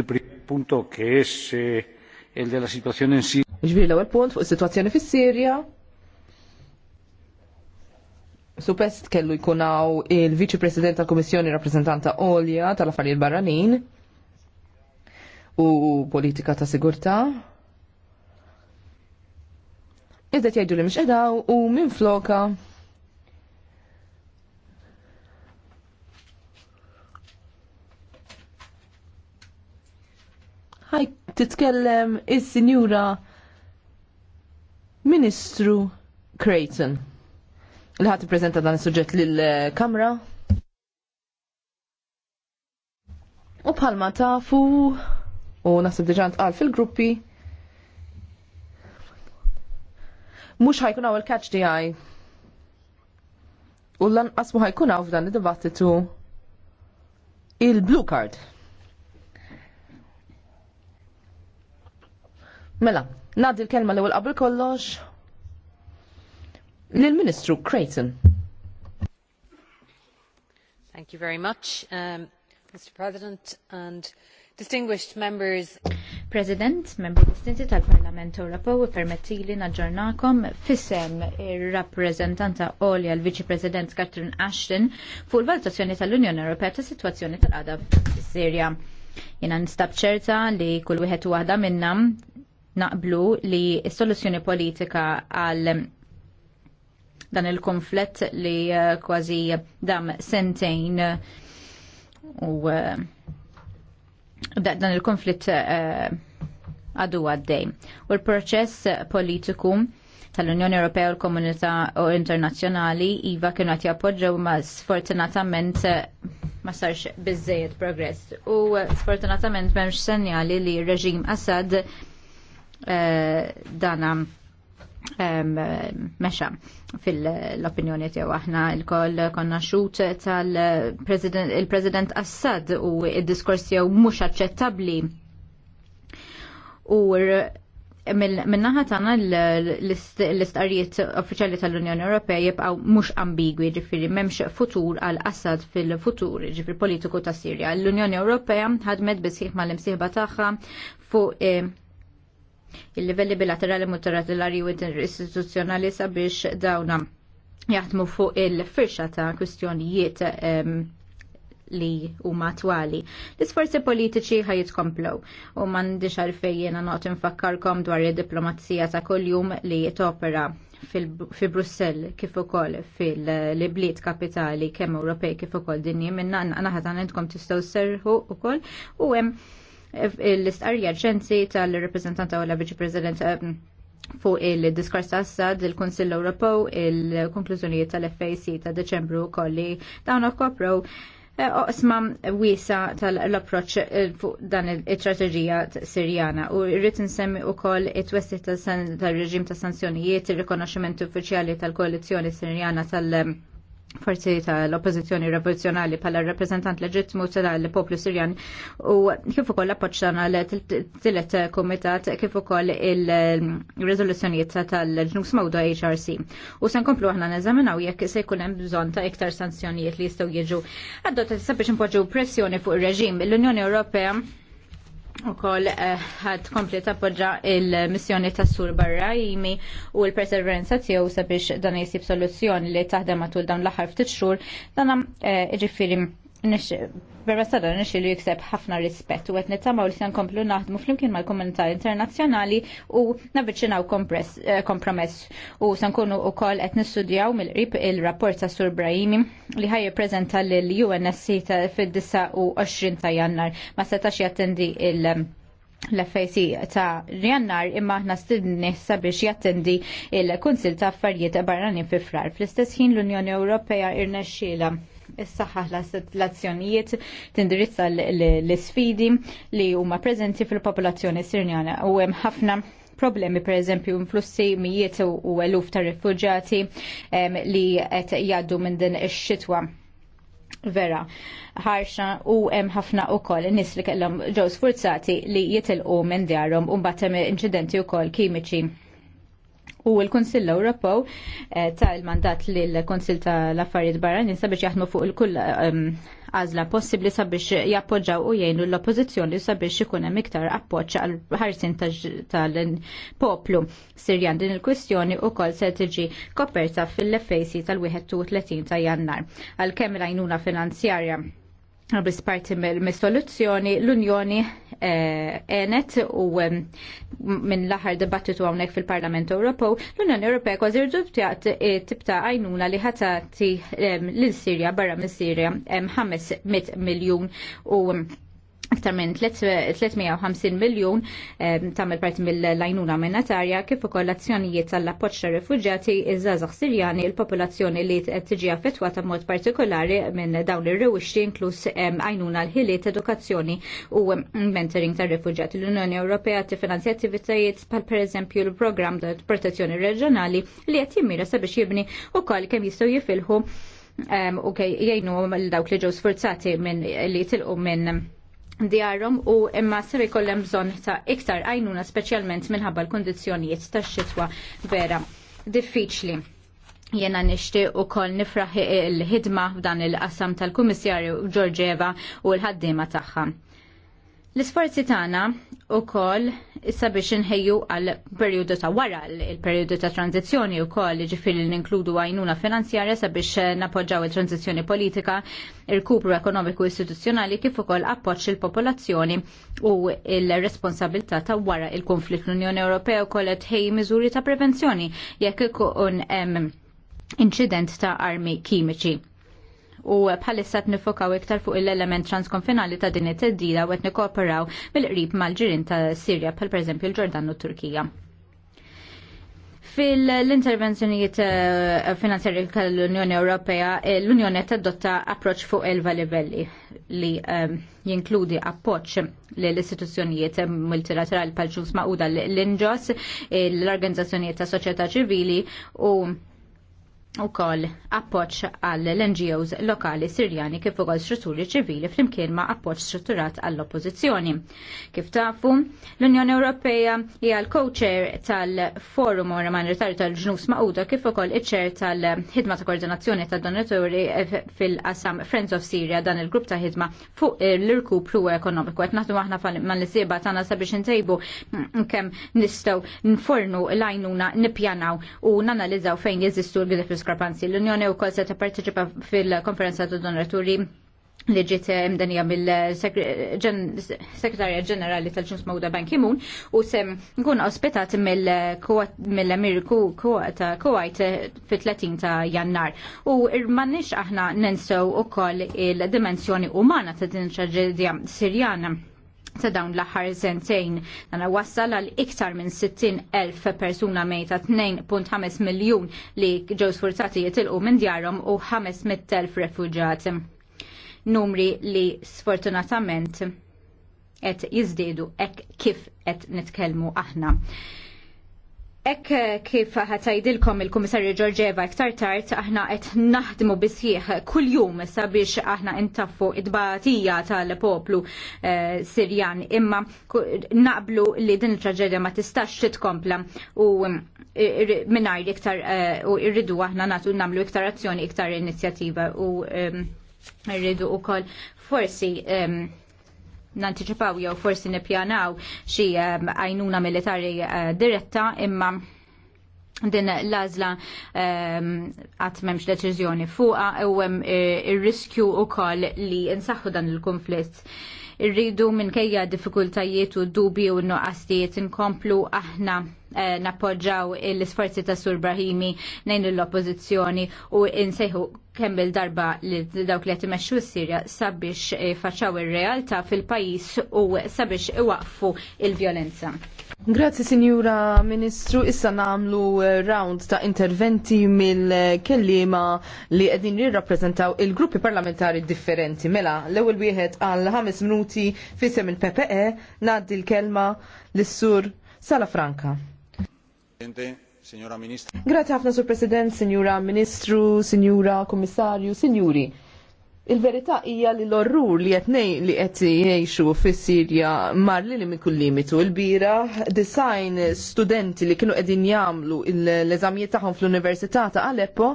Eh, Ġbir l-ewwel punt fuq is-sitwazzjoni fis-Sirja. Supest kellu jkunaw il-Viċi President tal-Kummissjoni Rappreżentanta Olja tal-Affarijiet Barranin u politika ta' sigurtà. Iżda jgħidu li mhux edaw u minn floka titkellem is-Sinjura Ministru Creighton. Il-ħati ippreżenta dan is-suġġett lill-Kamra. U bħalma tafu u nasib diġà ntqal fil-gruppi mux ħajkun għaw il-catch di għaj. U l-lanqas mu ħajkun għaw f'dan id-dibattitu il-blue card. Mela, nadi l-kelma l-ewel qabel kollox lill-Ministru Creighton. Thank you very much, um, Mr. President, and distinguished members. President, membri distinti tal-Parlament Ewropew, permettili naġġornakom fissem ir-rappreżentanta Olja l-Viċi President Catherine Ashton fuq il-valutazzjoni tal-Unjoni Ewropea ta' situazzjoni tal-qada fis-Sirja. Jena nistab ċerta li kull wieħed waħda minna naqblu li s-soluzzjoni politika għal dan il-konflett li uh, kważi dam sentejn u uh, dan il-konflitt uh, għadu għaddej. U l-proċess politiku tal-Unjoni Ewropea u l-Komunità Internazzjonali iva kienu għati appoġġew ma sfortunatament ma sarx biżejjed progress. U sfortunatament m'hemmx senjali li r reġim Assad Eh, dana mexa fil-opinjoni tiegħu aħna lkoll konna xut tal-President Assad u id-diskors tiegħu mhux aċċettabbli. U minnaħa tagħna l istqarijiet uffiċjali tal-Unjoni Ewropea jibqgħu mhux ambigwi, ġifieri m'hemmx futur għal Assad fil-futur, ġifieri politiku ta' Sirja. L-Unjoni Ewropea ħadmet bisħieħ mal-imsieħba tagħha fuq eh, il-livelli bilaterali multilaterali u interistituzzjonali sabiex dawna jaħdmu fuq il-firxa ta' kwistjonijiet li huma twali. L-isforzi politiċi ħajitkomplow u m'andi għalfejn jiena noqgħod infakkarkom dwar id-diplomazija ta' kuljum li topera fi Brussell kif ukoll fil libliet kapitali kemm Ewropej kif ukoll dinji minna naħat għandkom tistgħu serħu ukoll u hemm l-istqarrija ċenzi tal-reprezentanta u la viċi President ehm, fuq il-diskors ta' Assad, il-Konsill Ewropew, il-konklużjonijiet tal-FAC ta' Deċembru kolli dawn okkoprow e, oqsma wisa tal-approċ e, fuq dan il-strategija sirjana u rrit nsemmi u koll it-twesti tal-reġim ta' sanzjonijiet, il-rikonoximent uffiċjali tal-koalizjoni sirjana tal- forzi tal-oppozizjoni rivoluzjonali pala rappresentant leġittmu tal-poplu Sirjan u kif ukoll appoġġjana l-tilet komitat kif ukoll il rezoluzzjonijiet tal-ġnus mawdu HRC. U se nkomplu aħna neżaminaw jekk se jkun hemm bżonn ta' iktar sanzjonijiet li jistgħu jiġu. Għaddu sabiex impoġġu pressjoni fuq ir-reġim. L-Unjoni Ewropea u koll eh, ħad uh, kompli il-missjoni ta' sur barra jimi u l-perseveranza tiegħu sabiex dan jisib soluzzjoni li taħdem matul dawn l-aħħar ftit xhur dan eh, ġifieri uh, Berra sada nixi li jikseb ħafna rispett u għet nittamaw li sen komplu naħdmu flimkien mal-komunità internazjonali u navicinaw eh, kompromess u sen kunu u kol għet nistudjaw mill-qrib il-rapport ta' Sur Brahimi li ħaj jiprezenta l-UNSC ta fil-29 ta' jannar ma setax jattendi il- eh, l-FAC ta' Rjannar imma ħna stidni sabiex jattendi il-Kunsil ta' Affarijiet Barranin fi frar. Fl-istess ħin l-Unjoni Ewropea irnexxiela s-saħħa l-azzjonijiet tindirizza l-sfidi li huma preżenti fil-popolazzjoni sirjana u hemm ħafna problemi per eżempju influssi mijiet u eluf ta' rifugjati li qed jgħaddu minn din ix-xitwa vera ħarxa u hemm ħafna wkoll nies li kellhom ġew sfurzati li jitilqu minn djarhom u mbagħad hemm inċidenti wkoll kimiċi u l-Konsill Ewropew eh, ta' il-mandat li l-Konsill ta' l-Affarijiet Barranin sabiex jaħdmu fuq il-kull ehm, għażla possibbli sabiex jappoġġaw u jgħinu l-oppożizzjoni sabiex ikun hemm iktar appoġġ għal ħarsin tal-poplu Sirjan din il-kwistjoni ukoll se tiġi koperta fil-FAC tal-31 ta' Jannar. Għalkemm l-għajnuna finanzjarja bis parti mill-soluzzjoni l-Unjoni eh, enet u minn l-aħħar dibattitu hawnhekk fil-Parlament Ewropew, l-Unjoni Ewropea kważi rġubtjat eh, tibta għajnuna li ħatati lill Sirja barra mis-Sirja 500 miljun u aktar minn 350 miljon eh, tamil parti mill-lajnuna minnatarja kif ukoll tal-appoġġ ta' rifuġjati iż-żgħażagħ Sirjani il-popolazzjoni li tiġi affettwata mod partikolari minn dawn ir-rewixti inkluż eh, għajnuna l-ħiliet edukazzjoni u mm, mentoring tar-rifuġjati. L-Unjoni Ewropea tiffinanzja attivitajiet bħal pereżempju l-programm ta' protezzjoni reġjonali li qed jimmira sabiex jibni ukoll kemm jistgħu jifilħu eh, u jgħinu l-dawk li ġew sforzati minn li tilqu minn djarhom u imma sir ikollem bżonn ta' iktar għajnuna speċjalment minħabba l-kundizzjonijiet tax-xitwa vera diffiċli. Jena nishti u kol nifraħ il-ħidma f'dan il-qasam tal-Kummissarju Ġorġeva u l-ħaddima tagħha. L-isforzi tagħna wkoll issa biex inħejju għal perjodu ta' wara il-perjodu ta' tranzizzjoni wkoll ġifieri ninkludu għajnuna finanzjarja sabiex napoġġaw il tranzizzjoni politika, il-kupru ekonomiku istituzzjonali kif ukoll appoġġ il-popolazzjoni u il-responsabilità ta' wara il-konflitt l-Unjoni Ewropea wkoll qed ħej miżuri ta' prevenzjoni jekk ikun hemm inċident ta' armi kimiċi u bħalissa t-nifokaw iktar fuq l-element transkonfinali ta' din it-teddida u t-nikoperaw mill-qrib mal-ġirin ta' Sirja bħal per il l-Ġordan u Turkija. Fil-intervenzjonijiet eh, finanzjari l unjoni Ewropea, eh, l-Unjoni t-adotta approċ fuq elva livelli li ehm, jinkludi appoċ l-istituzzjonijiet multilaterali pal-ġus ma' l-Inġos, eh, l-organizzazzjonijiet ta' soċjetà ċivili u u koll appoċ għall ngos lokali sirjani kif ukoll strutturi ċivili flimkien ma' appoċ strutturat għall oppożizzjoni Kif tafu, l-Unjoni Ewropea hija l-co-chair tal-Forum Umanitarju tal-Ġnus Mauda kif ukoll iċ-chair tal-ħidma ta' koordinazzjoni ta' donaturi fil-qasam Friends of Syria dan il-grupp ta' ħidma fuq l-irkupru ekonomiku. Qed naħdu aħna mal-isieba tagħna sabiex intejbu kemm nistgħu nfornu l-għajnuna nippjanaw u nanalizzaw fejn jeżistu l-gidef diskrepanzi. L-Unjoni u kol se t-parteċipa fil-konferenza ta' donaturi li ġiet imdenija mill-Sekretarja Ġenerali tal-ġuns Mawda Ban Kimun u sem nkun ospitat mill-Ameriku ta' Kuwait fit-30 ta' jannar. U irmanix aħna ninsew u koll il-dimensjoni umana ta' din ċaġedja Sirjana ta' dawn l-aħħar sentejn nana wassal għal iktar minn 60,000 persuna mejta 2.5 miljun li ġew sfurzati jitilqu minn djarhom u 500,000 refuġjat. Numri li sfortunatament qed jiżdiedu hekk kif qed nitkellmu aħna. Ek kif ħatajdilkom il-Komissarju Ġorġeva iktar tard aħna qed naħdmu bisħieħ kuljum sabiex aħna intaffu id-batija tal-poplu eh, Sirjan imma naqblu li din il-traġedja ma tistax titkompla u mm, mingħajr iktar eh, u irridu aħna nagħtu nagħmlu iktar azzjoni iktar inizjattiva u mm, rridu kol forsi mm, nanticipaw jew forsi nippjanaw xi ehm, għajnuna militari eh, diretta imma din l-azla għat ehm, memx deċizjoni fuqa u ir-riskju u koll li nsaħħu dan il-konflitt irridu minkejja diffikultajiet u dubi u nuqqastijiet inkomplu aħna eh, nappoġġaw l-isforzi ta' Sur Brahimi nejn l-oppozizjoni u insejħu kemm il-darba li dawk li jtimexxu s-Sirja sabiex eh, faċċaw ir-realtà fil-pajjiż u sabiex iwaqfu il-vjolenza. Grazzi Sinjura Ministru, issa namlu eh, round ta' interventi mill-kellima li qegħdin jirrappreżentaw il-gruppi parlamentari differenti. Mela, l-ewwel wieħed għal ħames minuti minuti fisem il-PPE naddi l-kelma l-Sur Sala Franca. Signora Grazie ħafna Sur President, Signora Ministru, Signora Kommissarju, Signori. Il-verità hija li l-orrur li qed li qed jgħixu fis-Sirja mar li minn kull limitu. Il-bira design studenti li kienu qegħdin jagħmlu l-eżamijiet tagħhom fl-Università ta' Aleppo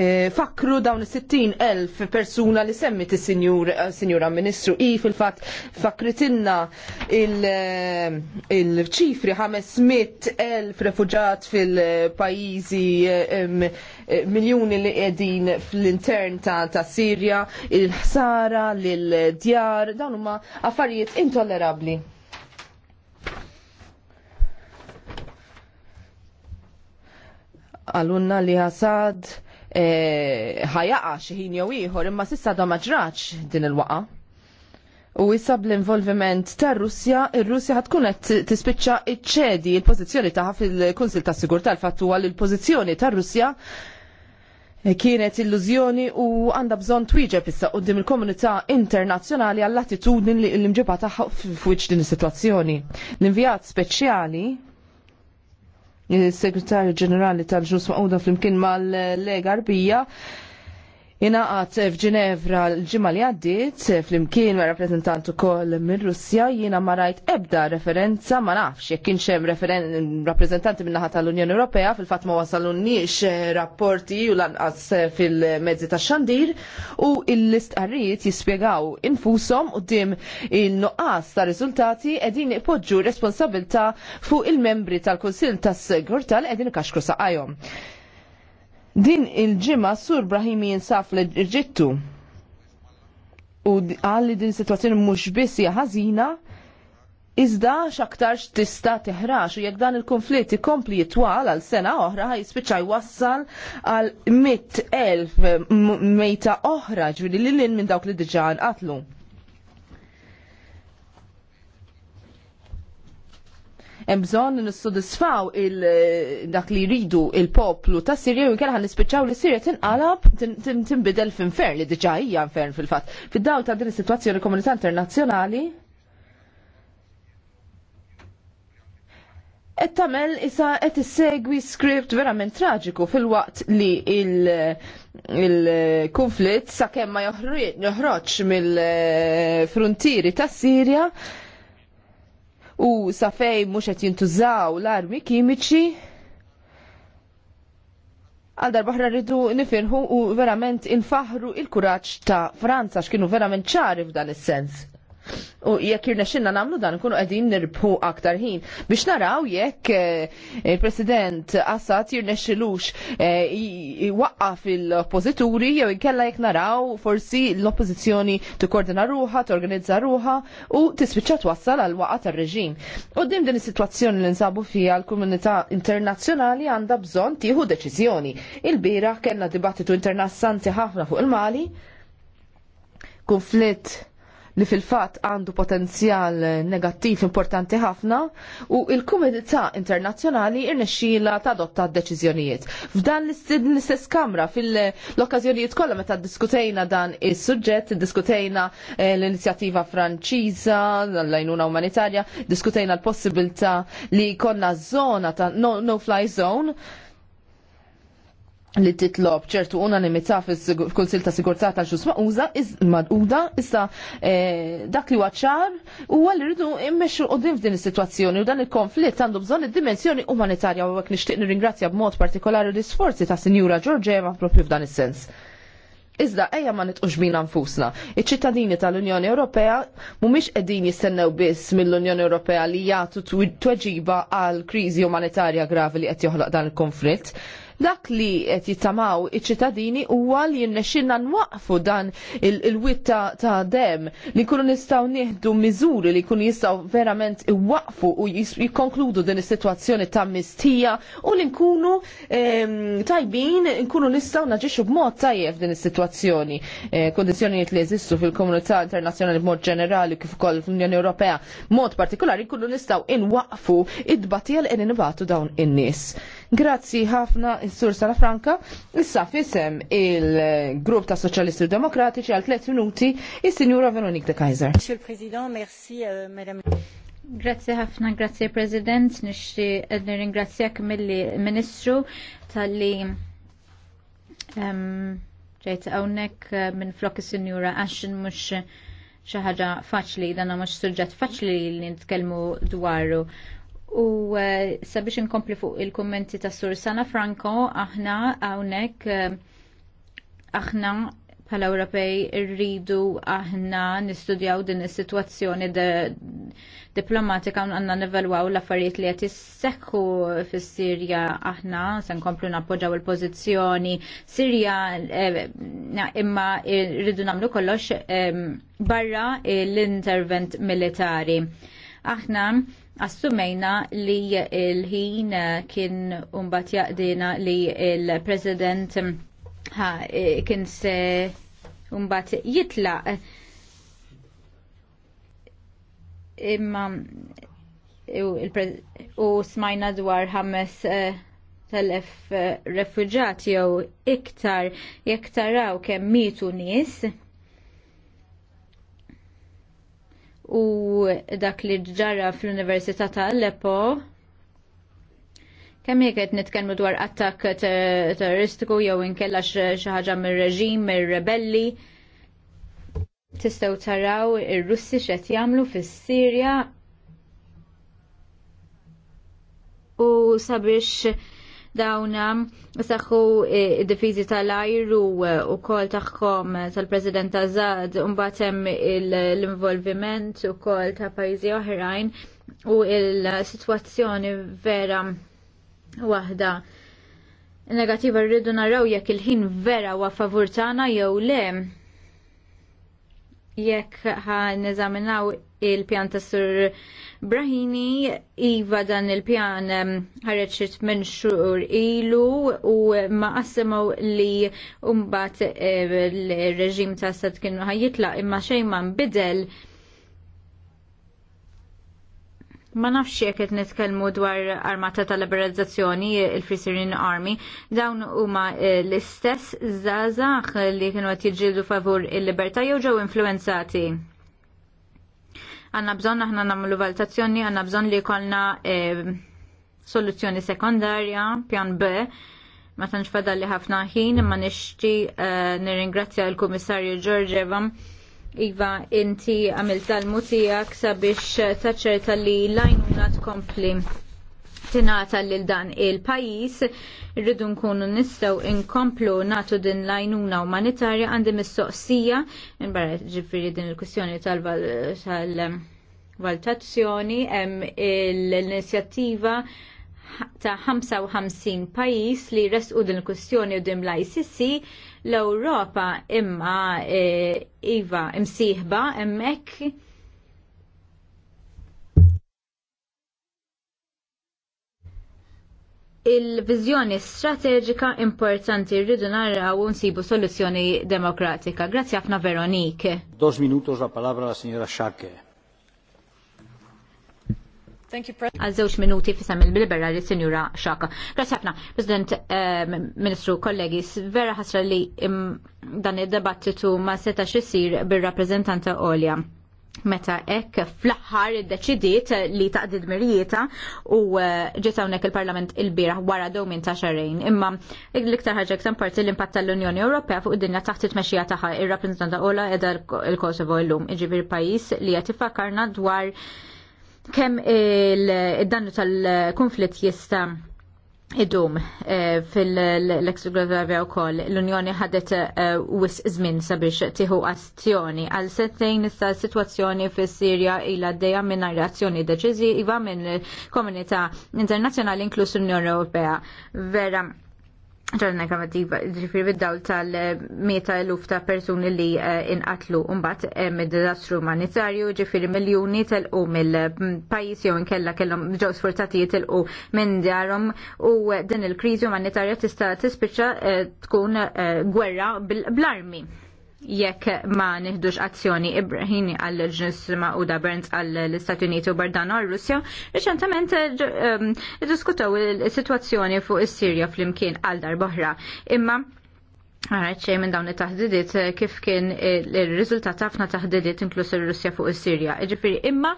Eh, fakru dawn is-60,000 persuna li semmit is-Sinjura eh, Ministru i fil-fatt fakritinna eh, il-ċifri il elf refuġat fil-pajjiżi miljuni li qegħdin fl-intern ta' Sirja, il-ħsara, lil-djar, dawn huma affarijiet intollerabbli. għalunna li ħasad. Eh, ħajaqa xi ħin jew ieħor imma s'issa da maġraċ din il-waqa. U issa bl-involviment ta' Russja, ir-Russja ħad tkun qed tispiċċa iċċedi l-pożizzjoni tagħha fil-Kunsil tas-Sigurtà l-fatt huwa l-pożizzjoni ta' Russja eh, kienet illużjoni u għandha bżonn twieġeb issa qudiem il-komunità internazzjonali għall attitudni li l imġibata tagħha din is-sitwazzjoni. L-invjat speċjali il-Segretarju Ġenerali tal-Ġus Maqda fl-imkien mal-Lega Arbija Inaqat f'Ġinevra l-ġimma li għaddiet fl-imkien ma' rappresentant ukoll mir-Russja jiena ma rajt ebda referenza ma nafx jekk kienx hemm rappreżentanti min-naħa tal-Unjoni Ewropea fil-fatt ma wasalunniex eh, rapporti u lanqas eh, fil-mezzi tax-xandir u l-istqarrijiet jispjegaw infushom quddiem in-nuqqas ta' riżultati qegħdin ipoġġu responsabilità fuq il-membri tal-Kunsill tas-Sigurtà li qegħdin ikaxkru saqajhom. Din il-ġimma Sur Brahimi jinsaf l-Eġittu. U għalli din situazzjoni mhux biss hija ħażina, iżda x'aktarx tista' teħrax u jekk dan il-konflitt ikompli jitwal għal sena oħra jispiċċa jwassal għal 100.000 elf mejta oħra l lil minn dawk li diġà nqatlu. Hemm bżonn nissodisfaw dak li jridu il-poplu ta' Sirja u kellħan nispiċċaw li Sirja tinqalab tinbidel f'infern li diġà hija infern fil-fatt. fid daw ta' din is-sitwazzjoni komunità internazzjonali Et tagħmel isa qed segwi script verament traġiku fil-waqt li il- il-konflitt sakemm ma joħroġ mill-frontieri tas Sirja u sa fej mhux qed jintużaw l-armi kimiċi għal darbaħra rridu nifirħu u verament infaħru il-kuraċ ta' Franza x'kienu verament ċari f'dan is-sens. U jekk irna xinna namlu dan nkunu qegħdin nirbħu aktar ħin biex naraw jekk eh, il-President Assad jirnexxilux eh, waqqaf fil oppożituri jew inkella jekk naraw forsi l-oppożizzjoni tikkordina ruħa, torganizza ruħa u t wassal għal waqqa tar-reġim. U din din is-sitwazzjoni li nsabu fiha l-komunità internazzjonali għandha bżonn tieħu deċiżjoni. Il-bira kellna dibattitu internazzanti ħafna fuq il-Mali, konflitt li fil-fat għandu potenzjal negattiv importanti ħafna u il kumunità Internazzjonali irnexxila tadotta deċiżjonijiet. F'dan l-istess kamra fil-okkażjonijiet kollha meta diskutejna dan is-suġġett, diskutejna eh, l-inizjattiva Franċiża l-għajnuna umanitarja, diskutejna l-possibilità li konna zona ta' no-fly zone li titlob ċertu unanimità fil-Kunsil ta' Sigurtà tal ġus Mauda, Maduda, issa eh, dak li waċċar u li rridu immexxu qudiem f'din is-sitwazzjoni u dan il-konflitt għandu bżonn id-dimensjoni umanitarja u hekk nixtieq nirringrazzja b'mod partikolari l-isforzi ta' Sinjura Ġorġeva propju f'dan is-sens. Iżda ejja ma nitqux bina nfusna. Iċ-ċittadini tal-Unjoni Ewropea mhumiex qegħdin jistennew biss mill-Unjoni Ewropea li jagħtu tweġiba għal kriżi umanitarja gravi li qed joħloq dan il-konflitt. Dak li qed jittamaw iċ-ċittadini huwa li jinnexxinna nwaqfu dan il-witta ta' dem li kunu nistgħu nieħdu miżuri li kunu jistgħu verament iwaqfu u jikkonkludu din is-sitwazzjoni ta' mistija u li nkunu ehm, tajbin nkunu nistgħu naġixxu b'mod tajjeb din is-sitwazzjoni. Eh, kondizzjonijiet li jeżistu fil-komunità internazzjonali b'mod ġenerali kif ukoll fl-Unjoni Ewropea mod partikolari nkunu nistgħu inwaqfu id-batija li nibatu dawn in-nies. Grazzi ħafna s-sur Sara Franka. Issa fisem il-grupp ta' Soċjalisti Demokratiċi għal 3 minuti is-Sinjura Veronique de Kaiser. Monsieur le Président, merci, euh, Madame. Grazie ħafna, grazie President, nixti eh, ringrazzjak mill-Ministru tal-li ehm, ġejt għawnek eh, minn flok is-Sinjura mhux mux xaħġa faċli, dana mux suġġet faċli li nitkelmu dwaru U eh, sabiex inkompli fuq il-kommenti ta' Sur Sana Franco, aħna hawnhekk eh, aħna bħala Ewropej rridu aħna nistudjaw din is-sitwazzjoni diplomatika għanna nivelwaw l-affarijiet li qed sekku fis-Sirja aħna se nkomplu nappoġġaw il-pożizzjoni Sirja eh, imma rridu nagħmlu kollox barra l-intervent militari. Aħna assumejna li il-ħin kien umbat jaqdina li il-president e, kien se umbat jitlaq imma u smajna dwar ħames e, telef e, refuġati jew iktar jektaraw kemm mitu nies u dak li ġara fl-Università ta' Aleppo. Kemm jekk qed nitkellmu dwar attakk terroristiku jew inkella xi ħaġa mir-reġim, mir-rebelli. Tistgħu taraw ir-Russi x'qed jagħmlu fis-Sirja u sabiex dawna saħħu eh, id-difiżi tal-ajru eh, u kol taħkom eh, tal-President Azad un-batem l-involviment u kol ta' pajzi oħrajn u il-situazzjoni vera wahda negativa rridu naraw jekk il-ħin vera wa favur tagħna jew le jekk ħa neżaminaw il pjanta sur Brahini iva dan il-pjan ħareċ minn xur ilu u ma qassemaw li umbat eh, l-reġim ta' sad kienu ħajitla imma xejn ma nbidel Ma nafx jekk qed nitkellmu dwar armata tal-liberalizzazzjoni il-Frisirin Army, dawn huma eh, l-istess żgħażagħ li kienu qed jiġġieldu favur il-libertà jew ġew influenzati. Għanna bżon aħna namlu valutazzjoni, għanna bżon li kolna e, soluzzjoni sekundarja, pjan B, ma tanċ fada li ħafna ħin, ma nixti nir e, nirringrazzja l-Komissarju Giorgeva. Iva, inti għamil tal-mutijak sabiex taċċerta li lajnuna tkompli tingħata lil dan il-pajjiż, irridu nkunu nistgħu inkomplu nagħtu din l-għajnuna umanitarja għandi mistoqsija imbagħad ġifieri din il-kwistjoni tal-valutazzjoni hemm l-inizjattiva ta' 55 pajjiż li resqu din il-kwistjoni u din l-ICC l-Ewropa imma eh, iva imsieħba hemmhekk il-vizjoni strateġika importanti rridu narraw u nsibu soluzzjoni demokratika. Grazzi ħafna Veronique. Dos minutos la palabra la signora Sciacche. Għal żewġ minuti fissam il-liberali sinjura Xaka. Grazie ħafna, President eh, Ministru, kollegi, vera ħasra li dan id-debattitu ma setax isir bil-rappresentanta Olja meta ekk fl-aħħar iddeċidiet li taqdid mirjieta u eh, ġiet hawnhekk il-Parlament il-bieraħ wara minn ta' xarrejn. Imma l-iktar ħaġa ktan parti l-impatt tal-Unjoni Ewropea fuq id-dinja taħt it-mexxija tagħha ir rappresentanta ola edha l-Kosovo illum, iġifier pajjiż li qed ifakarna dwar kemm il-dannu tal-konflitt jista' idum eh, fil-lexografja u koll l-Unjoni ħadet eh, wis żmien sabiex tiħu azzjoni għal settejn issa situazzjoni fis sirja ila dejja minn azzjoni deċiżiva minn komunità internazzjonali inklus l-Unjoni Ewropea. Vera ġarna għavadiba, ġifir bid-dawl tal-meta eluf ta' persuni li eh, inqatlu umbat eh, mid-dizastru umanitarju, ġifir miljoni tal-u mill-pajis jew inkella kellhom ġew sfurtati tal-u minn darhom u eh, din il-kriżi umanitarja tista' tispiċċa tkun gwerra bl-armi jekk ma nieħdux azzjoni Ibrahim għall ġnus u da Burns għall istati Uniti u Bardano għal Russja, reċentament diskutaw il-situazzjoni fuq is-Sirja fl-imkien għal darboħra. Imma Għarajt xej minn dawn it-taħdidiet eh, kif kien il-rizultat ħafna taħdidiet inklus il-Russja fuq is-Sirja. Ġifieri imma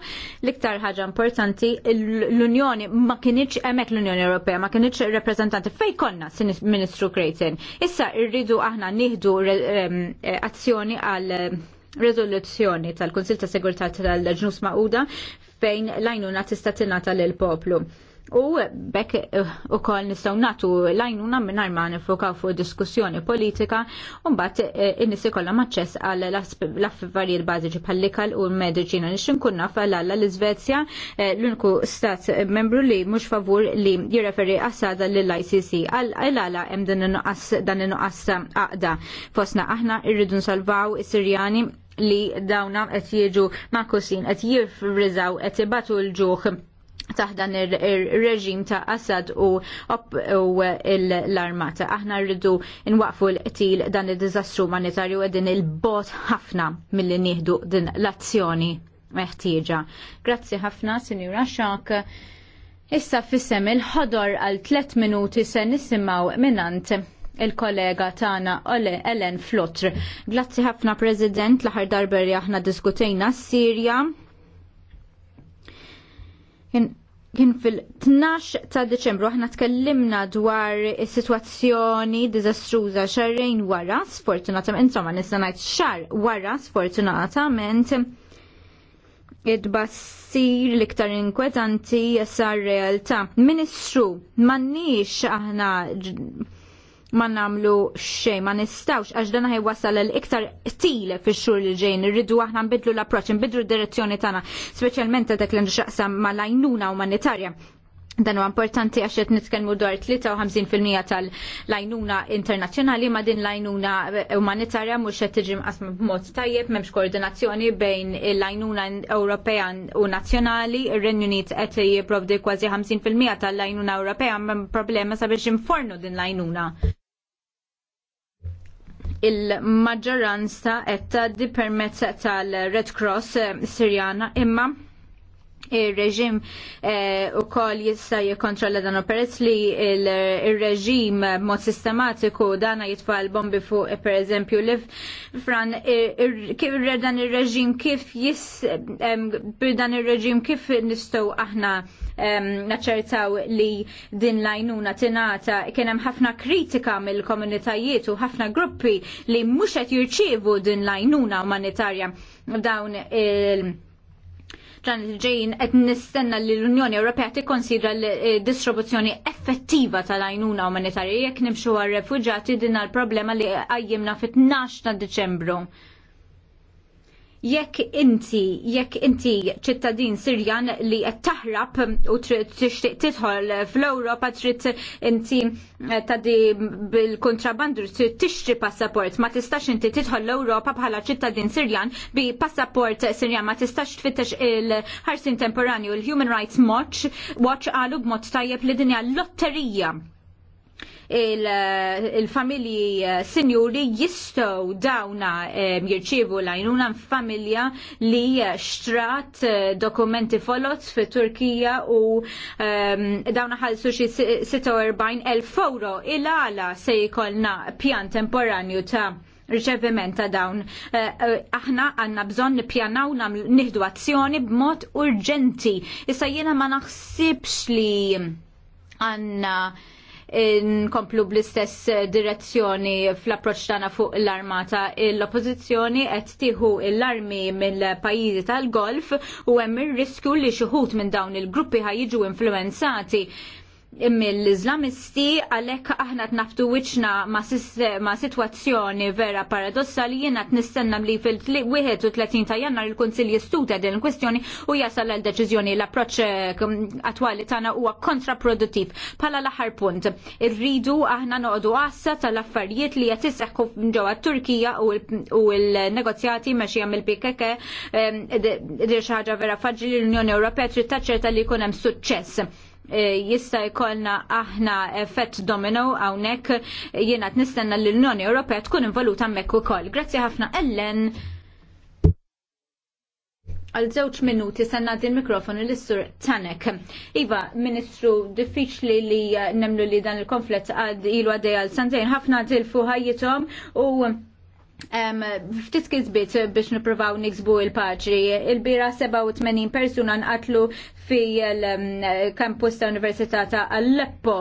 l-iktar ħaġa importanti l-Unjoni ma kienieċ hemmhekk l-Unjoni Ewropea ma kienieċ reprezentanti fej konna Ministru Creighton. Issa rridu aħna nieħdu eh, azzjoni għal rezoluzzjoni tal konsil ta' Segurtat tal-Ġnus Maquda fejn l-għajnuna tista' tingħata lill poplu u bekk eh, u kol nistaw natu lajnuna minn ma nifokaw fuq diskussjoni politika un bat eh, n-nisi kolla maċċess għal l-affarijiet bażiċi pallikal likal u l-medicina nixin kunna fal-alla l-Svezja eh, l-uniku stat membru li mux favur li jirreferi għasada l-ICC għal-għala hemm dan il-nuqqas għaqda fosna aħna irridun nsalvaw is-Sirjani li dawna qed jiġu ma' kusin qed jirriżaw qed ibatu l-ġuħ taħdan ir-reġim ta' Assad u, l-armata. Aħna rridu nwaqfu l-qtil dan il-dizastru umanitarju għedin il-bot ħafna mill-li nieħdu din l-azzjoni meħtieġa. Grazzi ħafna, Sinjura Xak. Issa fissem il-ħodor għal 3 minuti se nisimaw minnant il-kollega tana Ole Ellen Flotr. Grazzi ħafna President l-ħar darber aħna diskutejna s-Sirja Kien fil-12 ta' Deċembru aħna tkellimna dwar is-sitwazzjoni diżastruża xarrejn wara, sfortunatament, insomma nista' ngħid xar wara sfortunatament id-bassir l-iktar inkwetanti sar realtà. Ministru, m'għandniex aħna ma namlu xej, ma nistawx, għax dan wasal l-iktar til fi xur li ġejn, rridu aħna nbidlu l-approċ, nbidlu d-direzzjoni tana, specialment dak l-indxaqsam ma lajnuna umanitarja dan huwa importanti għax qed nitkellmu dwar 53% tal-lajnuna internazzjonali ma din lajnuna umanitarja mhux qed tiġi mqasma b'mod tajjeb m'hemmx koordinazzjoni bejn il-lajnuna Ewropea u nazzjonali, ir-Renju Unit qed jipprovdi kważi 50% tal-lajnuna Ewropea m'hemm problema sabiex infornu din lajnuna il-maġġoranza qed tgħaddi permezz tal-Red Cross eh, Sirjana imma il-reġim eh, u kol jista jikontrolla dan peress li il-reġim mod sistematiku dana jitfa l-bombi fuq per eżempju li fran dan il-reġim kif jis dan il-reġim kif nistow aħna naċċertaw li din lajnuna tingħata kien hemm ħafna kritika mill-komunitajiet u ħafna gruppi li mhux qed jirċievu din lajnuna umanitarja dawn il- ġan ġejn qed nistenna li l-Unjoni Ewropea tikkonsidra l-distribuzzjoni eh, effettiva tal-għajnuna umanitarja jekk nimxu għar-refuġati din għal-problema li għajjimna fit-12 ta' Diċembru jekk inti, jekk inti ċittadin Sirjan li qed taħrab u tixtieq tidħol fl-Ewropa trid inti eh, tadi bil-kontrabandu trid tixtri passaport, ma tistax inti tidħol l-Ewropa bħala ċittadin Sirjan bi passaport Sirjan, ma tistax tfittex il-ħarsin temporanju, il-Human Rights Watch, Watch għalu b'mod tajjeb li dinja lotterija il-familji eh, sinjuri jistow dawna eh, jirċivu lajnuna familja li xtrat eh, dokumenti folots fi Turkija u eh, dawna ħalsu 46 46,000 euro il-għala se jkollna pjan temporanju ta' riċeviment ta' dawn. Aħna għanna bżon nipjanaw nieħdu azzjoni b'mod urġenti. Issa jiena ma naħsibx li għanna nkomplu bl-istess direzzjoni fl-approċ tagħna fuq l-armata. L-oppożizzjoni qed tieħu l-armi mill-pajjiżi tal-Golf u hemm ir-riskju li xi minn dawn il-gruppi ħajjiġu influenzati immi l-Islamisti għalhekk aħna tnaftu wiċċna ma' sitwazzjoni vera paradossa paradossali jiena nistenna li fil-31 ta' jannar il konsil jistuta din il-kwestjoni u jasal l deċiżjoni l-approċċ attwali tagħna huwa kontraproduttiv. Pala l-aħħar punt, irridu aħna noqogħdu għassa tal-affarijiet li qed isseħħu ġewwa Turkija u l-negozjati mexija mill-PKK eh, dir xi ħaġa vera faġli l-Unjoni Ewropea trid taċċerta li jkun hemm suċċess E, jista jkollna aħna effett domino hawnhekk jiena nistenna li l-Unjoni Ewropea tkun involuta hemmhekk ukoll. Grazzi ħafna Ellen. Għal żewġ minuti sanna din mikrofonu l-Sur Tanek. Iva, Ministru, diffiċli li nemlu li dan il-konflett għad ilu għaddej għal santejn ħafna tilfu ħajjithom u ftit kizbit biex niprovaw niksbu il-paċi. Il-bira 87 persuna nqatlu fi l-kampus ta' Università ta' Aleppo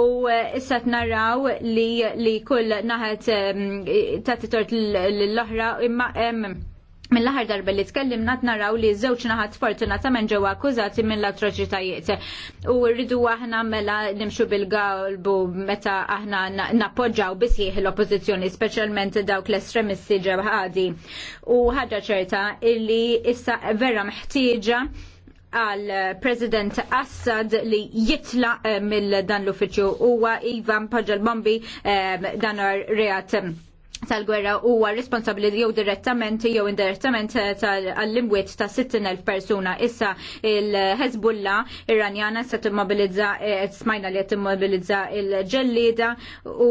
u eh, issa naraw li, li kull naħet ta' titort l-oħra imma Mill-aħħar darba li tkellimna naraw li żewġ naħat fortunatament ġew akkużati mill-atroċitajiet u rridu aħna mela nimxu bil-galbu meta aħna nappoġġaw bisħieħ l-oppożizzjoni, speċjalment dawk l-estremisti ġewħadi. U ħaġa ċerta illi issa vera meħtieġa għal President Assad li jitla eh, mill dan l-uffiċju huwa Ivan Paġal Bombi eh, dan reat tal-gwerra huwa responsabbli jew direttament jew indirettament tal-limwit ta' 60.000 persuna. Issa il-Hezbollah iranjana se timmobilizza e, smajna li timmobilizza il-ġellida u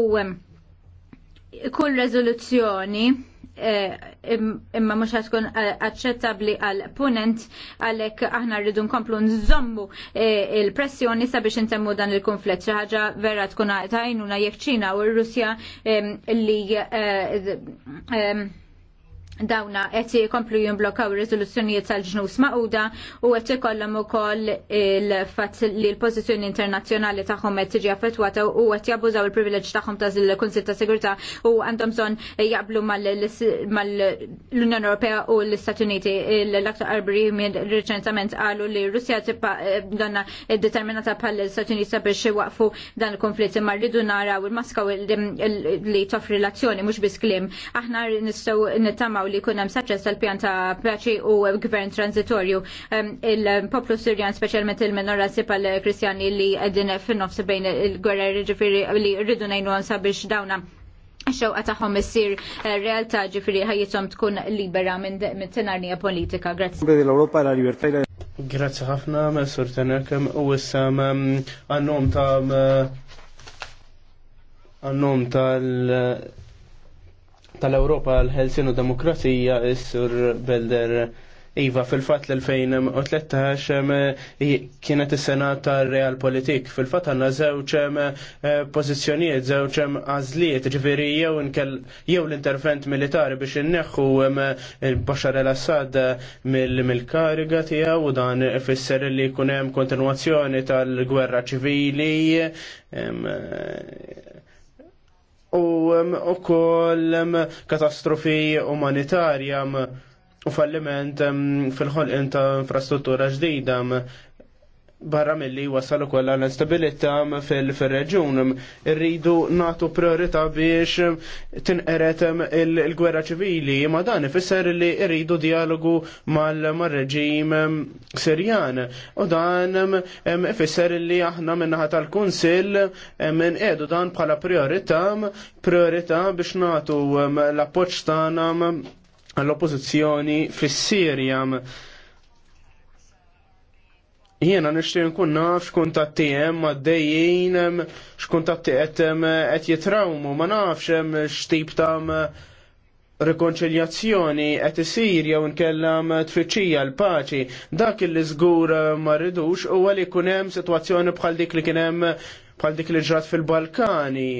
kull rezoluzzjoni Eh, imma mhux ħad tkun eh, aċċettabbli għal punent għalhekk aħna rridu nkomplu nżommu eh, il-pressjoni sabiex intemmu dan il kunflett xi ħaġa vera tkun għajnuna jekk Ċina u r-Russja li dawna qed jkomplu jimblokaw riżoluzzjonijiet tal-ġnus maquda u qed ikollhom ukoll il-fatt li l-pożizzjoni internazzjonali tagħhom qed tiġi affettwata u qed jabbużaw il-privileġġ tagħhom ta' il-Kunsill ta' Sigurtà u għandhom bżonn jaqblu mal-Unjoni Ewropea u l-Istati Uniti. L-aktar arbri minn riċentament qalu li Russja tibqa' donna determinata bħal l-Istati Uniti biex waqfu dan il-konflitt imma rridu naraw il maskaw li toffri l-azzjoni mhux biss kliem. Aħna nistgħu nittamaw naraw li kunem saċċess tal-pjan ta' paċi u gvern transitorju. Il-poplu Sirjan, specialment il-minoranzi sipal kristjani li għedin fin-nofs bejn il-gwerra ġifiri li rridu nejnu għansa biex dawna xewqa tagħhom issir eh, realtà ġifiri ħajjithom tkun libera minn tenarnija politika. Grazzi. Grazzi ħafna, Sur Tenerkem, u issa għannom ta' għannom ta' tal-Europa l-Helsin u Demokrazija is-sur Belder Iva, fil-fat l-2013 kienet is-sena tar real politik. Fil-fat għanna zewċem eh, pozizjoniet, zewċem għazliet, ġveri jew jew l-intervent militari biex inneħħu il-Bashar al-Assad mill-kariga tijaw u dan fisser li kunem kontinuazzjoni tal-gwerra ċivili u ukoll um, um, katastrofi umanitarja um, u falliment fil-ħolqien ta' infrastruttura ġdida barra mill-li wasalu kolla l-instabilita fil-reġun. Irridu natu priorità biex tinqeretem il-gwerra ċivili, ma dan ifisser li irridu dialogu mal-reġim Sirjan. U dan ifisser li aħna minnaħat tal-Kunsil minn edu dan bħala priorità, priorità biex natu l-appoċ tagħna l-oppożizzjoni fis sirjam Jiena nixtieq nkun naf x'kuntatti hemm għaddejjin, x'kuntatti qed qed jitrawmu, ma nafx hemm x'tip ta' rikonċiljazzjoni qed isir jew nkellam tfittxija l-paċi. Dak il żgur eh, ma rridux huwa li jkun hemm sitwazzjoni bħal dik li kien hemm bħal dik li ġrat fil-Balkani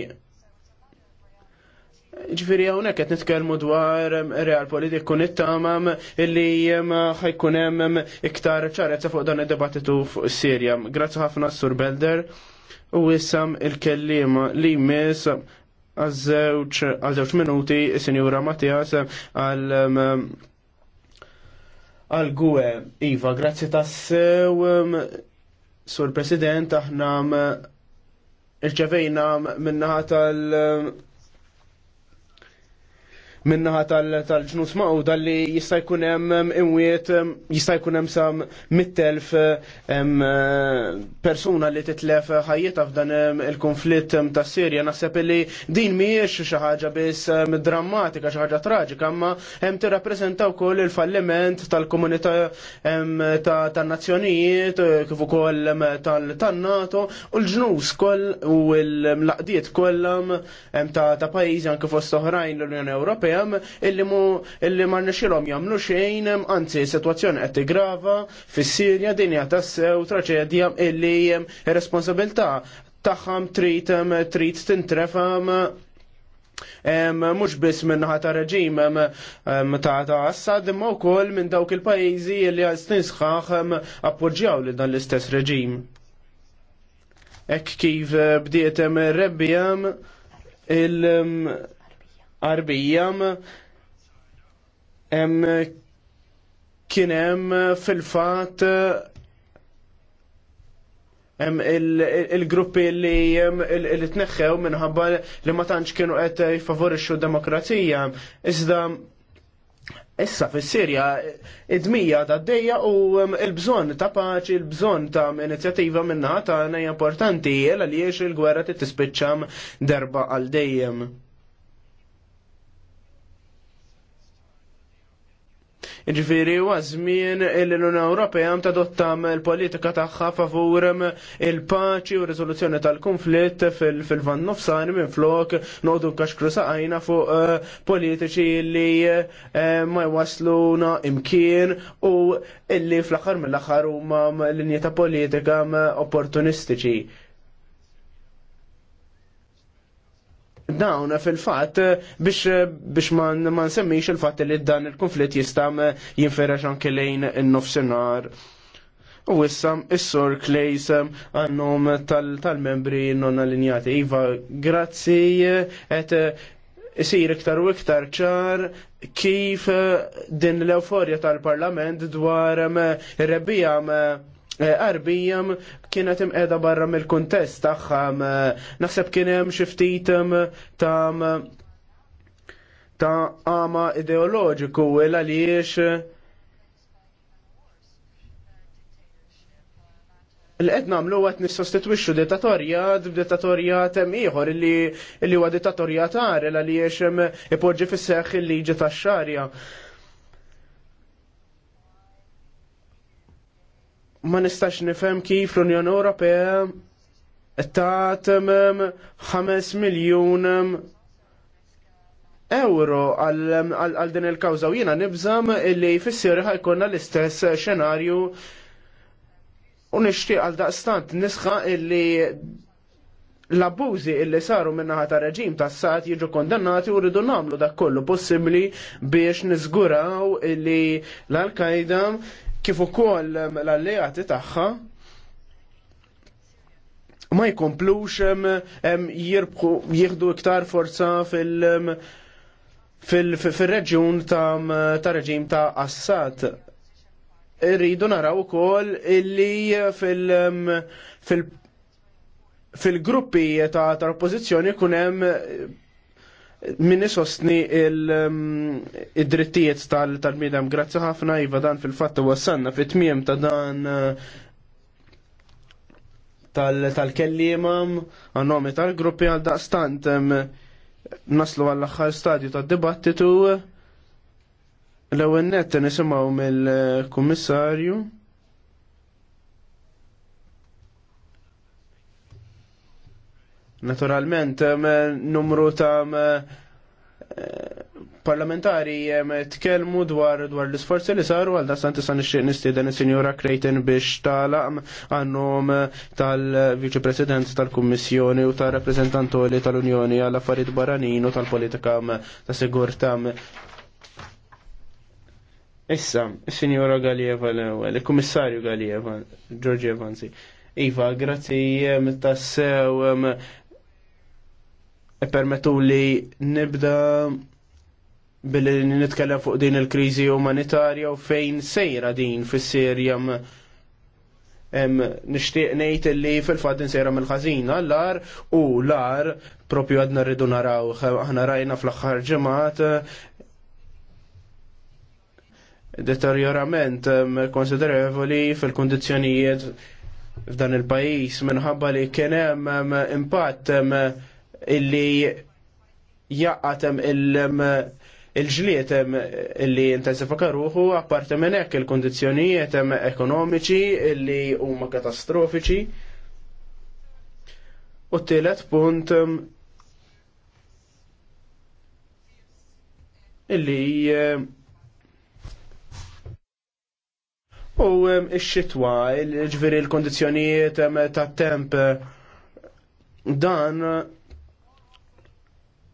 Ġviri għonek għet nitkelmu dwar real politiku tamam illi ħajkunem iktar ċarezza fuq dan id-debattitu fuq Sirja. Grazzi ħafna Sur Belder u jissam il-kellim li mis għazzewċ minuti sinjura Mattias għal um, għal gwe Iva, grazzi tassew um, Sur President aħna um, irċevejna minnaħat tal minnaħa tal-ġnus maqda li jista' jkun hemm imwiet jista' jkun hemm sam mittelf eh, persuna li titlef ħajjita f'dan il-konflitt ta' Sirja naħseb li din mhijiex xi ħaġa biss drammatika xi ħaġa traġika, imma hemm tirrappreżentaw ukoll il-falliment tal-komunità tan-nazzjonijiet kif ukoll tan-NATO u l-ġnus koll u l-laqdiet kollha ta' pajjiżi anke fost oħrajn l-Unjoni Ewropea dejjem illi mu illi ma nixilhom jagħmlu xejn, anzi sitwazzjoni qed tigrava fis-Sirja din hija tassew traċedja illi ir-responsabilità tagħhom trid trid tintrefam Mux biss minn ta' reġim ta' ta' Assad, imma wkoll minn dawk il-pajjiżi li għal-stinsħax appoġġjaw li dan l-istess reġim. Ek kif bdietem rebbijam il- arbijam hemm kien hemm fil-fatt hemm il-gruppi li tneħħew minħabba li ma tantx kienu qed jfavorixxu demokrazija. Iżda issa fis-Sirja id-dmija ta' dejja u il-bżonn ta' paċi, il-bżonn ta' inizjattiva minna ta' importanti għaliex il-gwerra tispiċċam darba għal dejjem. Ġifiri huwa żmien l-Unjoni Ewropea tadotta l-politika tagħha favur il-paċi u riżoluzzjoni tal-konflitt fil-van nofsani minn flok noqdu kaxkru saqajna fuq eh, politiċi li eh, ma jwasluna imkien u illi fl-aħħar mill-aħħar huma l ta' politika opportunistiċi. dawn fil-fatt eh, biex eh, biex ma nsemmix il-fatt li dan il-konflitt jista' eh, jinferax anke lejn in-nofsinhar. U issa is-sur Klejs għannom tal-membri non allinjati. Iva, grazzi et isir iktar u iktar ċar kif din l-euforja tal-parlament dwar rebbijam arbijam kienet imqeda barra mill-kuntest tagħha naħseb kien hemm xi ftit ta' ta' ama ideoloġiku il għaliex l-qed nagħmlu qed nissostitwixxu dittatorjat b'dittatorjat hemm ieħor illi huwa dittatorjat għar għaliex hemm ipoġġi fis-seħħ il-liġi tax-xarja. ma nistax nifhem kif l-Unjoni Ewropea tat 5 miljun euro għal din il-kawża u jiena nibżam illi fissir ħajkonna l-istess xenarju u nixtieq għal daqstant nisħa illi l-abbużi illi saru minnaħa ta' reġim ta' sat jiġu kondannati u rridu namlu dak kollu possibli biex nizguraw illi l al qaeda kif ukoll l-alleati tagħha ma jkomplux jirbħu jieħdu iktar forza fil- fil-reġjun ta' reġim ta' Assad. Irridu naraw ukoll illi fil- fil-gruppi ta' oppożizzjoni kunem hemm min isostni il-drittijiet um, tal midam Grazzi ħafna Iva dan fil-fatta wassanna fit-tmiem ta' dan uh, tal-kellimam għannomi tal-gruppi għal daqstant um, naslu għall aħħar stadju tad dibattitu l-ewwel nisimaw nisimgħu mill-kummissarju. Naturalment, numru ta' eh, parlamentari tkellmu dwar dwar l-isforzi li saru għal da santi san nistieden is-Sinjura Creighton biex talaq għannum tal-Viċi President tal-Kummissjoni u tal-Rappreżentantoli tal-Unjoni għal affarijiet Baranin u tal-politika ta' sigurtà. Issa, il sinjura Galieva l-ewwel, il-Kummissarju Galieva, Giorgio Evansi. Iva, grazzi tassew permettu li nibda billi nitkellem fuq din il-kriżi umanitarja u fejn sejra din fis-Sirja nixtieq ngħid li fil-fatt insejra mill-ħażin l-ar u l-ar propju għadna rridu naraw aħna rajna fl-aħħar ġimgħat eh, deterjorament eh, konsiderevoli fil kundizzjonijiet f'dan il-pajjiż minħabba li kien hemm eh, impatt illi jaqqatem il-ġlietem illi intensifika ruħu apparti minn hekk il-kondizzjonijiet ekonomiċi illi huma katastrofiċi. U t-tielet punt um, illi um, u um, x-xitwa, il l-kondizjonijiet ta' temp dan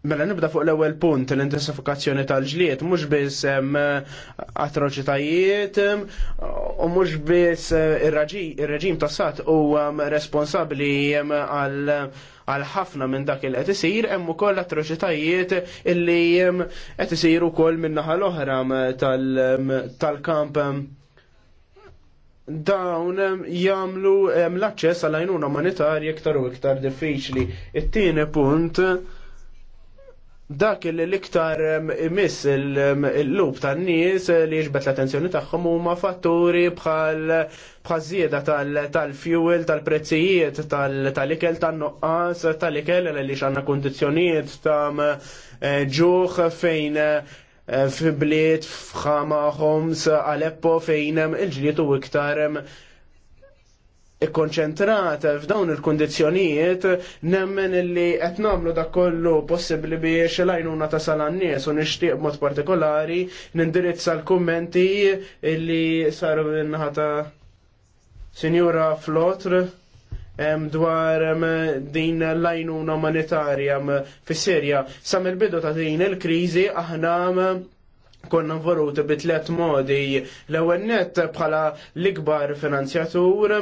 Mela nibda fuq l-ewwel punt l-intensifikazzjoni tal-ġlied mhux biss hemm atroċitajiet u mhux biss eh, ir-reġim tas-sat huwa responsabbli għal ħafna minn dak il qed isir hemm ukoll atroċitajiet illi qed isir ukoll min-naħa l-oħra tal-kamp dawn jagħmlu l-aċċess għal għajnuna umanitarji iktar u iktar diffiċli. It-tieni punt dak li l-iktar imiss il-lub tan nies li jiġbet l-attenzjoni tagħhom huma fatturi bħal bħazzieda tal-fuel, tal-prezzijiet, tal-ikel, tan-nuqqas, tal-ikel li xanna kondizjoniet ta' eh, ġuħ fejn eh, f'bliet f'ħama Homs Aleppo fejn il ġlietu iktar ikkonċentrata f'dawn il-kondizjonijiet nemmen illi qed nagħmlu dak kollu possibbli biex l-għajnuna ta' sal nies u nixtieq mod partikolari nindirizza l-kummenti illi saru minnaħa ta' Sinjura Flotr dwar din l-għajnuna umanitarja fis-Sirja. Sam il-bidu ta' din il-kriżi aħna konna bi bitlet modi. L-ewwel net bħala l-ikbar finanzjatur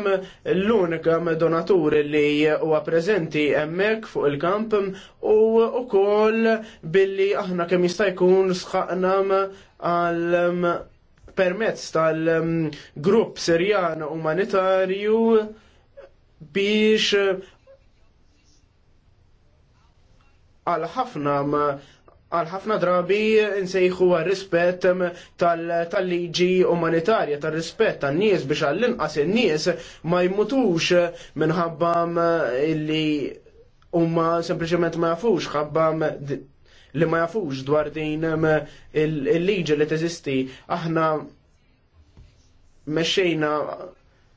l-unika donatur li huwa preżenti hemmhekk fuq il-kamp u wkoll billi aħna kemm jista' jkun sħaqna għal mm, permezz tal-grupp mm, Sirjan umanitarju biex għal ħafna mm, għal ħafna drabi nsejħu għal rispet tal-liġi umanitarja, tal-rispett tan-nies biex għall-inqas in-nies ma jmutux minħabba illi huma sempliċement ma jafux ħabbam li ma jafux dwar din il-liġi li teżisti. Aħna mexxejna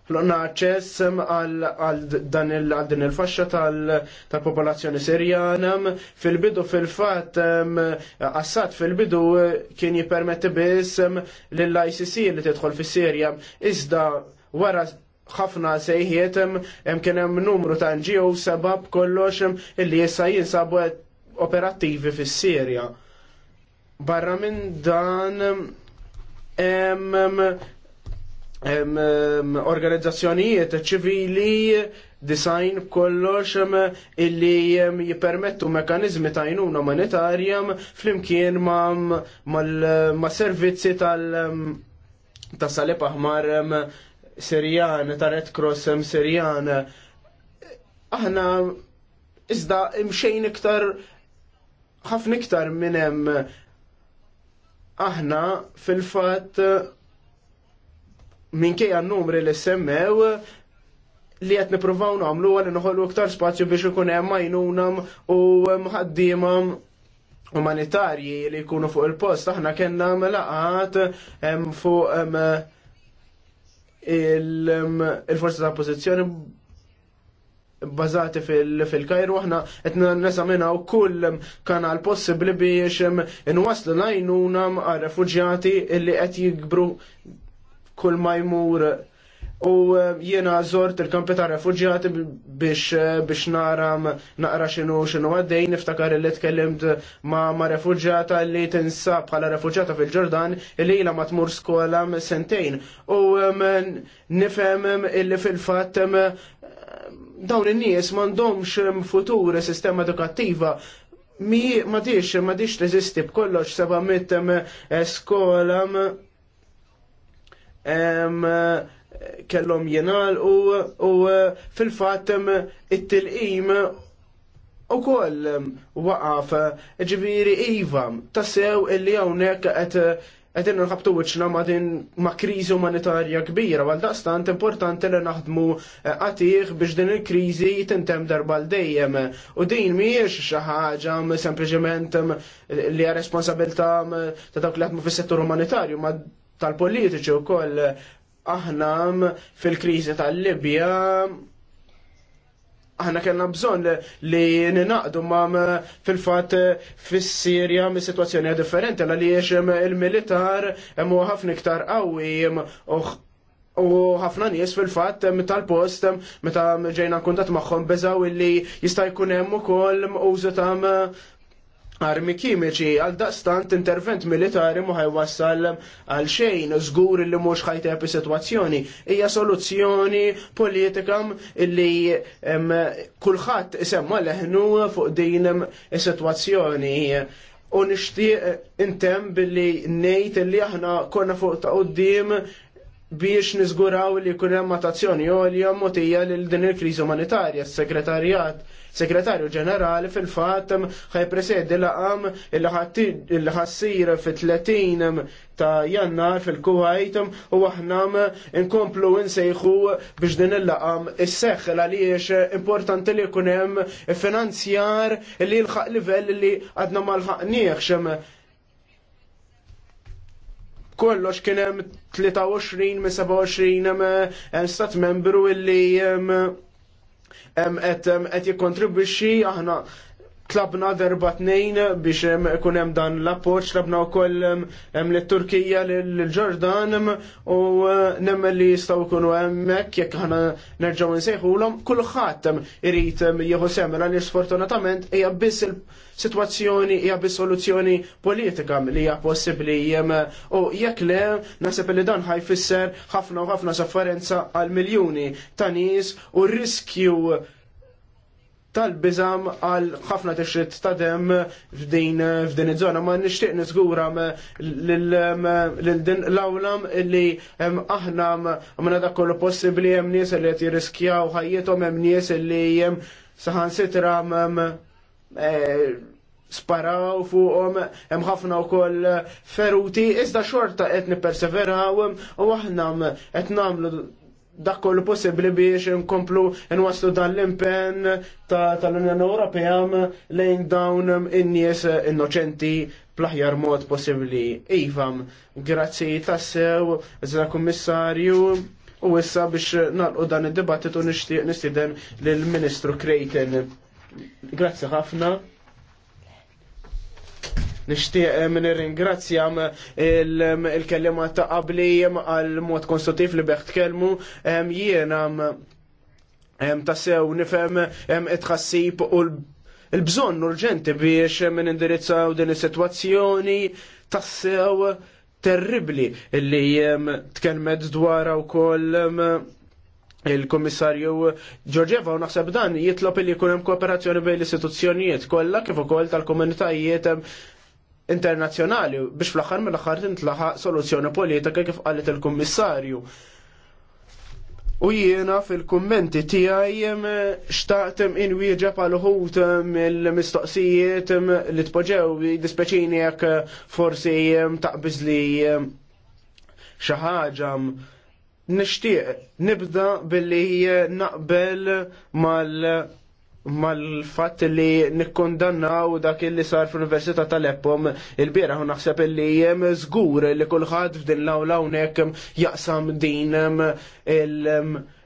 Lonna ċess għal din il-fasċa tal-popolazzjoni sirjana fil-bidu fil-fat Assad fil-bidu eh, kien jipermetti biss l-ICC li tidħol fis sirja iżda wara ħafna sejħiet hemm kien hemm numru ta' NGO sabab kollox illi issa jinsabu operattivi fis-Sirja. Barra minn dan organizzazzjonijiet ċivili design kollox illi jipermettu mekanizmi ta' jnuna umanitarja flimkien ma', ma servizzi tal- ta' salib aħmar Sirjan, ta' Red Cross Sirjan. Aħna iżda imxejn iktar ħafna iktar minn hemm aħna fil-fatt minkejja n-numri li semmew li qed nippruvaw nagħmlu għal noħolqu iktar spazju biex ikun hemm majnunam u mħaddimam umanitarji li jkunu fuq il-post. Aħna kellna laqat fuq il-forza ta' pozizjoni bazati fil-kajru aħna qed u kull kanal possibbli biex inwaslu najnunam għal refuġjati li qed jikbru kull ma jmur u eh, jiena zort il-kampi ta' refugjati biex eh, biex naram naqra xinu xinu għaddej niftakar li tkellimt ma' ma' refugjata li tinsab bħala refugjata fil-ġordan li jina ma tmur skola sentejn u eh, nifem illi fil-fat dawn in-nies m'għandhomx futur sistema edukattiva mi ma tiex ma tiex reżisti b'kollox 700 skola kellhom jenal u fil-fatt it-tilqim u koll waqaf ġviri Iva tassew illi hawnhekk qed qed nħabtu wiċċna ma' din ma' kriżi umanitarja kbira għal daqstant importanti li naħdmu eh, għatiħ biex din il-kriżi jitintem darba l dejjem u din mhijiex xi ħaġa sempliċement li għar responsabilta ta' dawk li għatmu fis-settur umanitarju ma' tal-politiċi wkoll aħna fil-kriżi tal-Libja aħna kellna bżonn li ninaqdu m'am fil-fatt fis-Sirja mis situazzjoni differenti għaliex il-militar hemm ħafna iktar qawwi U ħafna nies fil-fatt tal-post meta ġejna kuntat magħhom beżaw illi jista' jkun hemm ukoll użu ta' armi kimiċi għal daqstant intervent militari ma ħajwassal għal xejn żgur li mhux ħajtep is-sitwazzjoni. Hija soluzzjoni politika li kulħadd isemma leħnu fuq din is-sitwazzjoni. U nixtieq intem billi ngħid li aħna konna fuq ta' qudiem biex nizguraw li kun hemm attazzjoni għolja motija lil din il-kriżi umanitarja. Segretarjat, segretarju ġenerali fil-fatt ħaj presedi laqam il ħassir fit-30 ta' jannar fil-Kuwait u aħna nkomplu nsejħu biex din il-laqam is-seħħ għaliex importanti li jkun hemm finanzjar li l-ħaq livell li għadna mal-ħaqniex kollox kien hemm 23 minn 27 stat membru illi qed jikkontribwixxi aħna tlabna darba tnejn biex kunem hemm dan l-appoġġ, tlabna wkoll hemm lit turkija lill-Ġordan u eh, nemm li jistgħu jkunu hemmhekk jekk aħna nerġgħu kull kulħadd irid jieħu semel li sfortunatament hija biss il situazzjoni hija biss soluzzjoni politika li hija possibbli u jekk le naħseb li dan ħajfisser ħafna u ħafna sofferenza għal miljuni ta' nies u riskju tal-bizam għal ħafna t-xrit ta' dem f'din iż-żona. Ma nixtieq niżgura l-awlam li aħna għamna dak kollu possibbli hemm nies li qed jirriskjaw ħajjithom hemm nies li saħan sitra e, sparaw fuqhom hemm ħafna wkoll feruti iżda xorta qed nipperseveraw u aħna qed nagħmlu dak kollu possibbli biex nkomplu nwaslu dan l-impenn tal-Unjoni Ewropea lejn dawn in-nies innoċenti bl-aħjar mod possibbli. Iva, grazzi tassew, zra kummissarju. U issa biex nalqu dan id-dibattitu nixtieq nistieden lill-Ministru Creighton. Grazzi ħafna. Nishtiq minn eh, ringrazzjam eh, il-kellima ta' qabli għal-mod konstruttiv li beħt kelmu jiena tassew nifem it-ħassib u l-bżonn urġenti biex minn indirizzaw din is-sitwazzjoni tassew terribli li tkellmet dwar wkoll il-komissarju Giorgieva u naħseb dan jitlob li jkun hemm kooperazzjoni bejn l-istituzzjonijiet kollha kif ukoll tal-komunitajiet internazzjonali biex fl-aħħar mill-aħħar tintlaħaq soluzzjoni politika kif qalet il-Kummissarju. U jiena fil-kummenti tiegħi xtaqtem wieġa pal uħut mill-mistoqsijiet li tpoġew dispeċini jekk forsi taqbiż li xi ħaġa nixtieq nibda billi naqbel mal- mal-fatt li nikkondannaw dak li sar fl-Università tal-Eppom il-bira u naħseb li jem zgur li kullħat f'din l-awla unek jaqsam din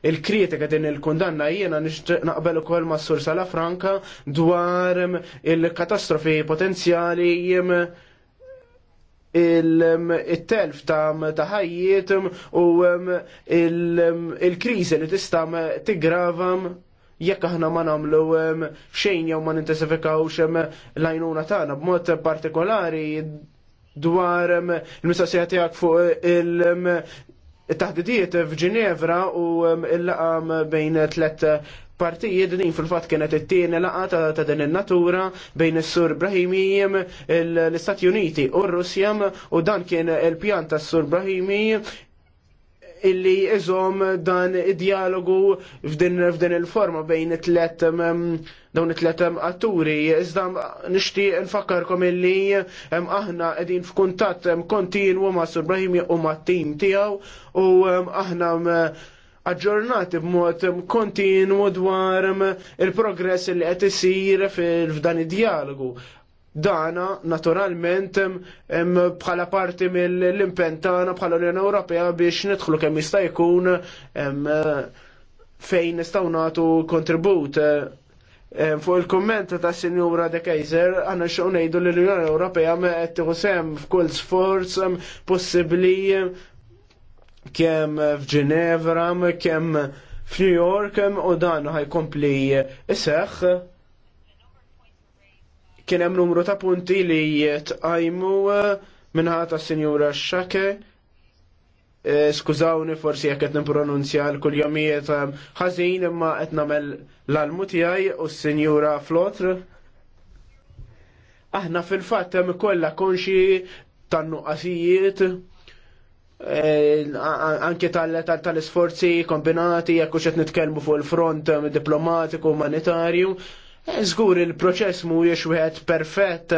il-kritika din il-kondanna jiena nixtieq naqbel ukoll ma' Sur Sala Franka dwar il-katastrofi potenzjali jem il-telf ta' ħajjiet u il-krizi li tista' tigravam jekk aħna ma nagħmlu xejn jew ma nintensifikawx l-għajnuna tagħna b'mod partikolari dwar il-mistoqsija tiegħek fuq il-taħdidiet f'Ġinevra u l-laqam bejn tlet partijiet din fil-fatt kienet it-tieni laqa ta' din in-natura bejn is-Sur Brahimi l-Istati Uniti u r-Russja u dan kien il-pjan tas-Sur Brahimi illi iżom dan dialogu f'din f'din il-forma bejn it-tlet dawn it-tlet atturi. Iżda nixtieq nfakkarkom illi aħna qegħdin f'kuntatt kontinwu ma' Sur Brahim u ma' tim tiegħu u aħna aġġornati b'mod kontinwu dwar il-progress li qed isir f'dan id-dialogu dana naturalment bħala parti mill-impentana bħala l-Unjoni Ewropea biex nidħlu kemm jista' jkun fejn nistgħu nagħtu kontribut. Fuq il-komment ta' Sinjura De Kaiser, għanna xo ngħidu li l-Unjoni Ewropea me tieħu sem f'kull sforz possibbli kemm f'Ginevra, kemm f'New York, u dan ħajkompli iseħħ Kien hemm numru ta' punti li jitqajmu eh, minħata Sinjura Xake eh, skużawni forsi jekk qed nippronunzja l-kuljomijiet eh, ħażin imma qed nagħmel l-almu tiegħi u s-Sinjura Flotr. Aħna fil-fatt hemm ikollha konxi tan-nuqqasijiet anke tal-isforzi kombinati jekk qed nitkellmu fuq il-front diplomatiku umanitarju Zgur eh, il-proċess mhuwiex wieħed perfett,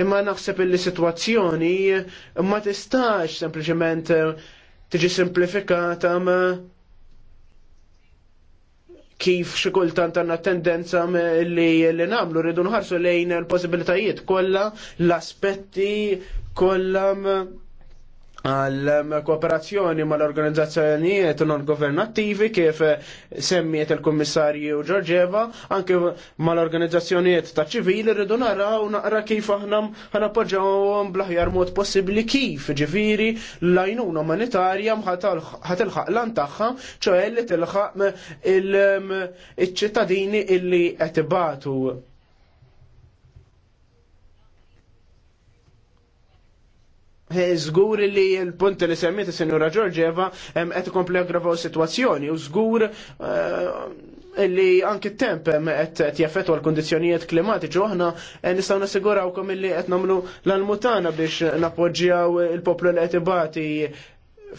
imma naħseb il situazzjoni ma tistax sempliċement eh, tiġi simplifikata kif xi kultant għandna tendenza li li nagħmlu rridu nħarsu lejn il-possibilitajiet kollha l-aspetti kollha għal um, kooperazzjoni mal organizzazzjonijiet non-governattivi kif eh, semmiet il kommissarju Giorgeva, anke mal organizzazzjonijiet ta' ċivili rridu naraw naqra kif aħna ħanapoġġawhom bl-aħjar mod possibbli kif ġifiri l-għajnuna umanitarja ħatilħaq lan tagħha, ċoħe li tilħaq il-ċittadini um, illi qed ibatu. Eh, zgur li l-punt li semmiet il-Senjora Giorgieva qed ikompli aggravaw situazzjoni u zgur eh, li anki t-temp qed jaffetwa l-kondizzjonijiet klimatiċi u aħna eh, nistgħu nasigurawkom li qed nagħmlu l-almutana biex nappoġġjaw il-poplu li qed ibati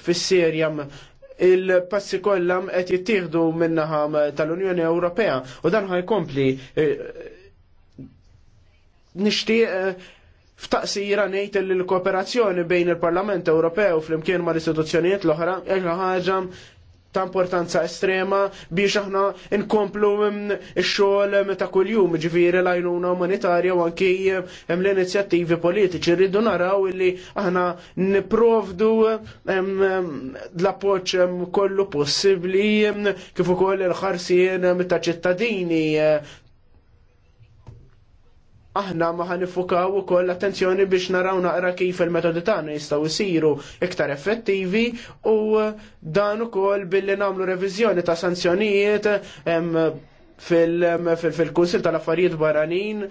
fis serjam il-passi kollha qed jittieħdu minnaħa tal-Unjoni Ewropea u dan kompli nixtieq Ftaqsira ngħid li l-kooperazzjoni bejn il-Parlament Ewropew flimkien mal istituzzjonijiet l-oħra hija ħaġa ta' importanza estrema biex aħna nkomplu mm, x-xogħol mm, ta' kuljum ġifieri l-għajnuna umanitarja u anki mm, hemm l-inizjattivi politiċi rridu naraw illi aħna nipprovdu l-appoġġ kollu possibbli kif ukoll il-ħarsien ta' ċittadini eh, aħna ma ħan nifukaw ukoll attenzjoni biex naraw naqra kif il-metodi tagħna jistgħu jsiru iktar effettivi u dan ukoll billi nagħmlu reviżjoni ta' sanzjonijiet fil-Kunsil tal-Affarijiet Barranin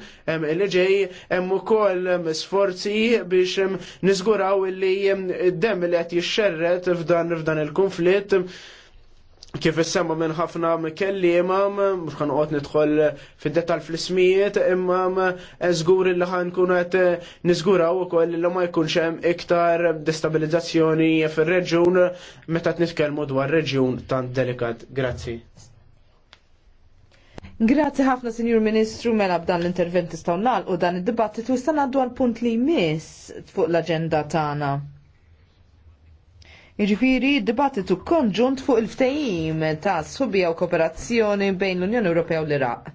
li ġej hemm ukoll sforzi biex niżguraw li d-dem li qed jixxerret f'dan il-konflitt kif issemma minn ħafna kelli imam, mux kan għot nidħol fil-detal fl-ismijiet, imam zgur li ħan kunet nizgura u koll li ma jkun xem iktar destabilizzazzjoni fil-reġjun meta t-nitkelmu dwar reġjun tan delikat. Grazzi. Grazzi ħafna, Sinjur Ministru, mela b'dan l-intervent istaw nal u dan id-dibattitu istaw għaddu għal-punt li jmiss fuq l-agenda tagħna. Iġifiri, dibattitu konġunt fuq il-ftehim ta' subija u kooperazzjoni bejn l-Unjoni Ewropea u l-Iraq.